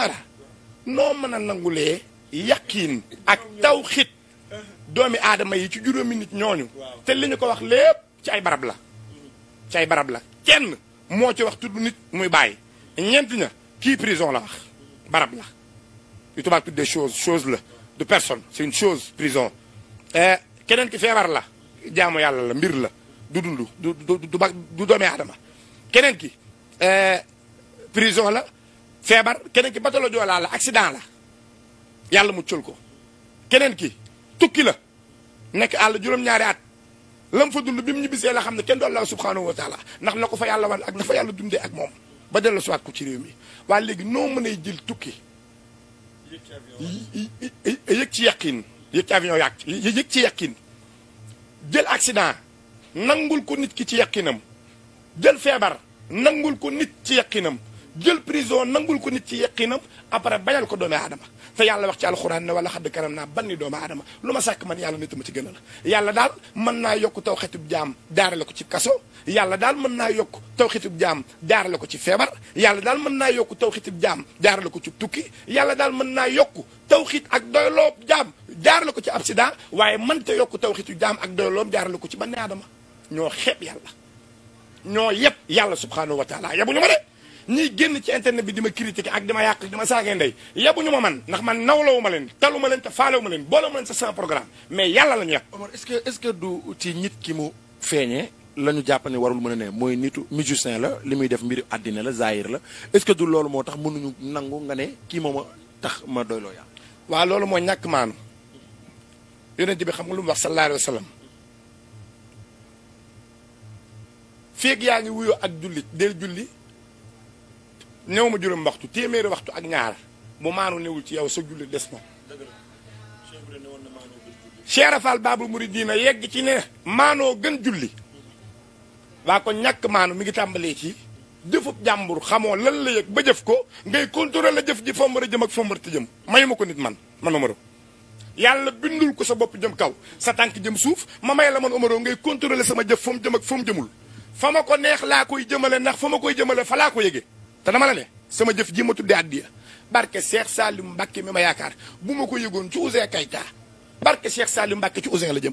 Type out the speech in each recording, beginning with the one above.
mara noo mën a nangulee yaqiin ak tawxiit doomi adama yi ci juróomi nit ñooñu te li ñu ko wax lépp ci ay barab la ay barab la kenn moo ci wax tudd nit muy bàyyi ñeent ña kii prison la wax barab la yu tubaab tuddee chose chose la du personne c'est une chose prison eh, keneen ki feebar la jaamu yàlla la mbir la du dund du doomi aadama keneen ki eh, prison la feebar keneen ki batalo joolaa la accident la yàlla muccal ko keneen ki tukki la nekk àll juróom-ñaari at lam fa dund bi mu ñibbisee la xam ne kenn du allah subhanahu wa ndax na ko fa yàlla wan ak na fa yàlla dundee ak moom ba dellu siwaat ko ci réew mi waaye léegi noo mënee jël tukki yëg ci yàqin yëg ci avion yàq yëg ci yàqin jël accident nangul ko nit ki ci yàqinam jël feebar nangul ko nit ci yàqinam jël prison nangul ko nit ci yaqinam après bañal ko doomi adama te yàlla wax ci alxuraan ne wala xadd kanam naa banni doomi aadama lu ma sàkk man yàlla nit ma ci gëna yàlla daal mën naa yokk taw xetub jaam jaarale ko ci kaso yàlla daal mën naa yokk taw xetub jaam jaarale ko ci feebar yàlla daal mën naa yokk taw xetub jaam jaarale ko ci tukki yàlla daal mën naa yokk tawxiit ak doyloob jaam jaarale ko ci absida waaye mënta yokk tawxiitu jaam ak doyloob jaarale ko ci banni aadama ñoo xeeb yàlla ñoo yëpp yàlla subhanahu ya bu yebuñu ma de ñiy génn ci internet bi di ma critiquer ak di ma yàq di ma saagee ndey yabuñu ma man ndax man nawlawu ma leen taluma leen te faalewu ma leen boolewuma leen sa sama programme mais yàlla la ñu yàq. Omar du ci nit ki mu feeñee la ñu jàpp ne warul mën a ne mooy nitu musicien la li muy def mbiri àddina la zaayir la est-ce que du loolu moo tax mënuñu nangu nga ne kii moom a tax ma doy loo yàq. loolu mooy ñàkk maanu yonent bi xam nga lu mu wax sallallahu alayhi wa sallam yaa ngi wuyoo ak julli del julli néew ma juróom waxtu téeméeri waxtu ak ñaar bu maanu newul ci yow sa julli des na Cheikh Fall Babou Mouridina yegg ci ne maanoo gën julli waa ko ñàkk maanu mi ngi tàmbalee ci jëfub jàmbur xamoo lan la yëg ba jëf ko ngay contrôler la jëf ji fa mën a jëm ak fa mën a jëm mayu ma ko nit man man Omaro yàlla bindul ko sa bopp jëm kaw sa tànk jëm suuf ma may la man Omaro ngay contrôler sama jëf fa mu jëm ak fa mu jëmul fa ma ko neex laa koy jëmale ndax fa ma koy jëmale fa laa ko yëgee te dama la ne sama jëf ji ma tuddee addiya barke Cheikh Saliou Mbacke mi ma yaakaar bu ma ko yëgoon ci Ouzin Keita barke Cheikh Saliou Mbacke ci Ouzin la jëm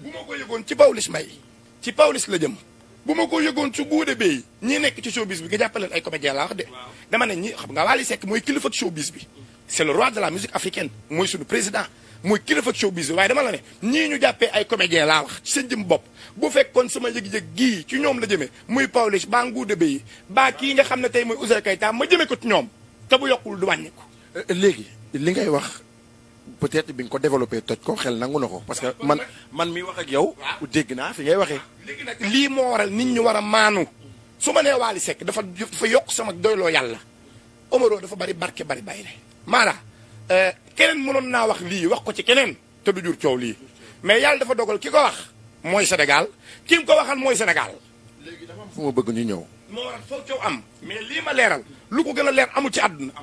bu ma ko yëgoon ci Pawlish Mbaye ci Pawlish la jëm bu ma ko yëgoon ci Bouda Bey ñi nekk ci showbiz bi nga jàppaleen ay comédien laa wax de dama ne ñi nga Wally Seck mooy kilifa showbiz bi c'est le roi de la musique africaine mooy suñu président mooy kilifa ak showbiz waaye dama la ne ñii ñu jàppee ay comédien laa wax sa seen jëm bopp bu fekkoon sama yëg-yëg gii ci ñoom la jëmee muy Pawlish baa Ngouda Beye baa kii nga xam ne tey mooy kay Keita ma jëmee ko ci ñoom te bu yokkul du wàññi ko euh, léegi li ngay wax peut-être bi nga ko développé toj ko xel nangu na ko parce que man man mi wax ak yow dégg naa fi ngay waxee léegi nag lii moo waral nit ñu war a maanu su ma nee Waly Seck dafa dafa yokk sama doyloo yàlla Omaro dafa bari barke bari bàyyi le keneen mënoon naa wax lii wax ko ci keneen te du jur coow lii mais yàlla dafa dogal ki ko wax mooy Sénégal kim mu ko waxal mooy Sénégal. léegi fu ma bëgg ñu ñëw. moo waral foofu coow am mais lii ma leeral lu ko gën a leer amul ci àdduna.